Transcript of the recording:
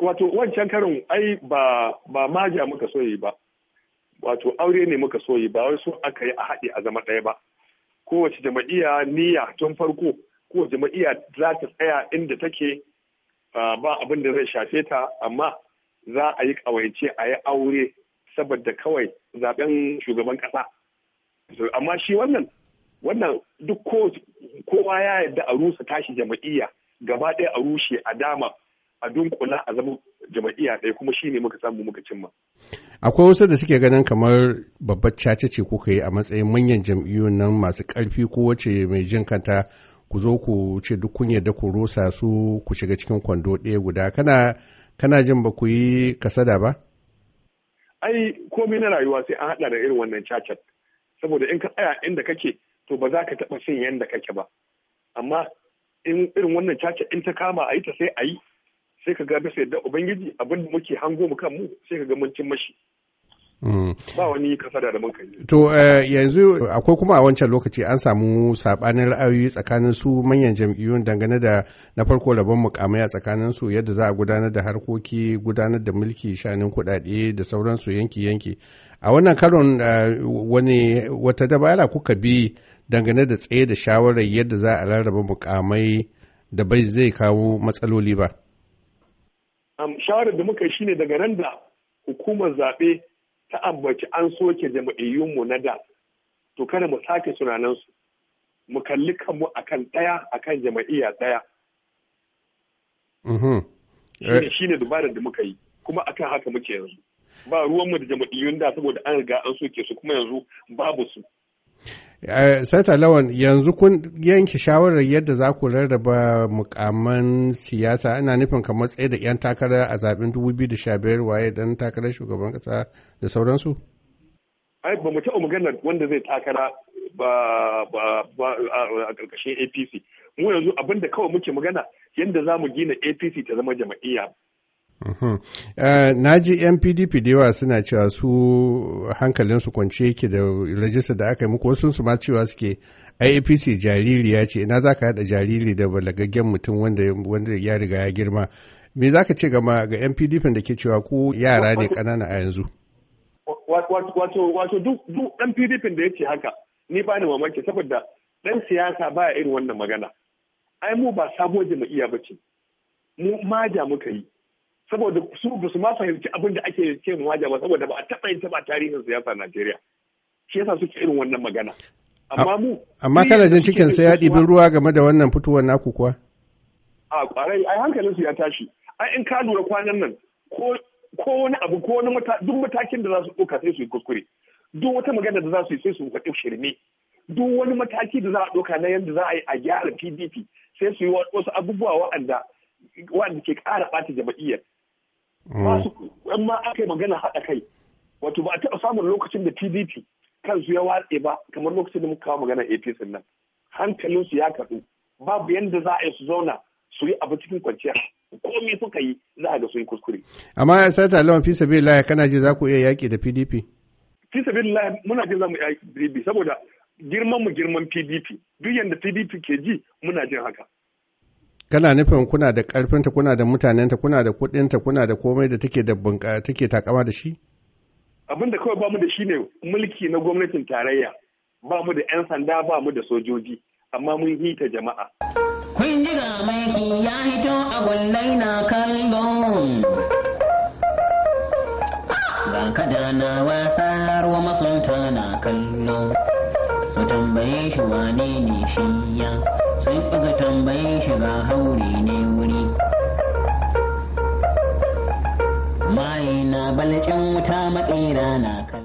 wato wancan karin ai ba ba maja muka soyi ba wato aure ne muka soyi ba wai so aka yi a haɗe a zama ɗaya ba kowace jama'iya niyya tun farko kowace jama'iya za ta tsaya inda take ba abin da zai shafe ta amma za a yi ƙawaice a yi aure saboda kawai zaben shugaban ƙasa amma shi wannan wannan duk kowa ya yarda a rusa tashi jama'iyya gaba ɗaya a rushe a dama a dunkula a zama jama'iyya ɗaya kuma shine muka samu muka cimma. Akwai wasu da suke ganin kamar babbar cace ce kuka yi a matsayin manyan jam'iyyun nan masu ƙarfi ko wace mai jin kanta ku zo ku ce duk kun yarda ku rusa su ku shiga cikin kwando ɗaya guda kana kana jin ba ku yi kasada ba? Ai komai na rayuwa sai an haɗa da irin wannan cacat saboda in ka tsaya inda kake to ba za ka taɓa shin yanda kake ba amma in irin wannan cacat in ta kama a yi ta sai a yi sai ka ga bisa yadda ubangiji abin muke hango mu kanmu sai ka ga mun cin mashi mm. ba wani kasada da mun kai to eh, yanzu akwai kuma a wancan lokaci an samu sabanin ra'ayoyi tsakanin su manyan jam'iyyun dangane da na farko rabon mukamai a tsakanin su yadda za a gudanar da harkoki gudanar da mulki shanin kudade da sauransu yanki yanki a wannan karon eh, wani wata dabara kuka bi dangane da tsaye da shawarar yadda za a rarraba mukamai da bai zai kawo matsaloli ba shawarar da muka shine daga nan da hukumar zaɓe ta ambaci an soke jama'iyyunmu na da to kada mu sake sunanansu mu kalli kanmu akan ɗaya akan jama'iyya ɗaya mm-hmm. shi ne dubarar da muka yi kuma akan haka muke yanzu ba ruwanmu da jama'iyyun da saboda an riga an soke su kuma yanzu babu su Eh, Sanata Lawan yanzu kun yanke shawarar yadda za ku rarraba mukaman siyasa ana nufin kamar tsaye da 'yan takara a zaben 2015 waye dan takarar shugaban kasa da sauransu? Ai, ba mu taɓa maganar wanda zai takara ba a ƙarƙashin APC. Mu yanzu abin da kawai muke magana yadda za mu gina APC ta zama jama'iyya Mhm. Eh, na ji 'yan PDP da yawa suna cewa su hankalinsu kwance yake da rajista da aka yi muku wasu su ma cewa suke IAPC jaririya ce ina za ka haɗa jariri da balagaggen mutum wanda ya riga ya girma. Me za ka ce gama ga 'yan PDP da ke cewa ku yara ne ƙanana a yanzu? Wato duk 'yan PDP da ya ce haka ni ba ni mamaki saboda ɗan siyasa baya irin wannan magana. Ai mu ba sabuwar jam'iyya ba ce. Mu da muka yi. saboda su ba su ma fahimci abin da ake ce mawaja ba saboda ba a taɓa yin taɓa tarihin siyasa Najeriya shi yasa suke irin wannan magana amma mu amma kana jin cikin sai ya ɗibin ruwa game da wannan fitowar naku kuwa a kwarai ai hankalin su ya tashi ai in ka lura kwanan nan ko ko wani abu ko wani duk matakin da za su ɗauka sai su yi kuskure duk wata magana da za su yi sai su faɗi shirme duk wani mataki da za a ɗauka na yadda za a yi a gyara pdp sai su yi wasu abubuwa wa'anda wa'anda ke ƙara ɓata jama'iyyar ba mm. ma aka yi magana haɗa kai wato ba a taɓa samun lokacin da pdp su ya watse ba kamar lokacin da muka kawo magana apc nan hankalinsu ya kaɗu babu yadda za a yi su zauna su yi abu cikin kwanciya komai suka yi za a ga sun yi kuskure. amma ya ta lawan Fisa laya kana ji za ku iya yaƙi da pdp. Fisa sabi laya muna jin za mu yaƙi pdp saboda girman mu girman pdp duk yadda pdp ke ji muna jin haka. kana nufin kuna da ƙarfinta kuna da mutanenta kuna da kuɗinta kuna da komai da take da take takama da shi abin da kawai bamu da shi ne mulki na gwamnatin tarayya bamu da 'yan sanda bamu da sojoji amma mun hita jama'a kun ji ga mai ya hito a gullai na kallo. ba kada na wasar wa masunta na kallo, su tambaye shi wane ne shi ya sai aka tambaye shi ga haure ne wuri maye na balcin wuta maƙera na ka